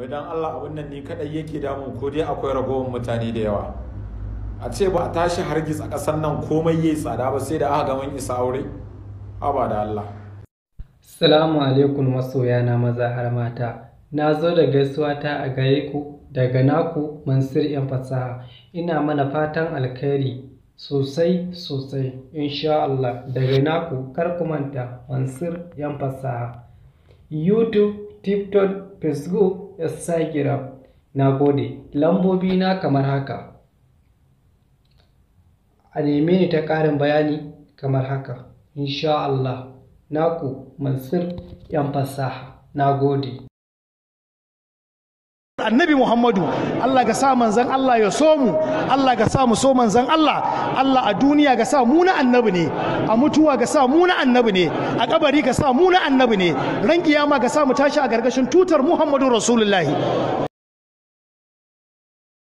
wai dan Allah abin nan ni kadai yake damu ko dai akwai ragowar mutane da yawa a ce ba a tashi hargitsa ƙasar nan komai yayi tsada ba sai da aka ga mun isa aure haba da Allah Assalamu alaikum masoya na maza har mata na zo da gaisuwa ta a gare ku daga naku Mansur yan fasaha ina mana fatan alkhairi sosai sosai insha Allah daga naku kar ku manta Mansur yan fasaha YouTube TikTok, Facebook Instagram. Na gode. Lambobi na kamar haka. A neme ni ta ƙarin bayani kamar haka. Insha Allah. Naku Mansur 'yan fasaha. Na gode. annabi muhammadu allah ga sa manzan allah ya so mu allah ga sa mu so manzan allah allah a duniya ga sa mu na annabi ne a mutuwa ga sa mu na annabi ne a kabari ga sa mu na annabi ne ran kiyama ga sa mu tashi a gargashin tutar muhammadu rasulullahi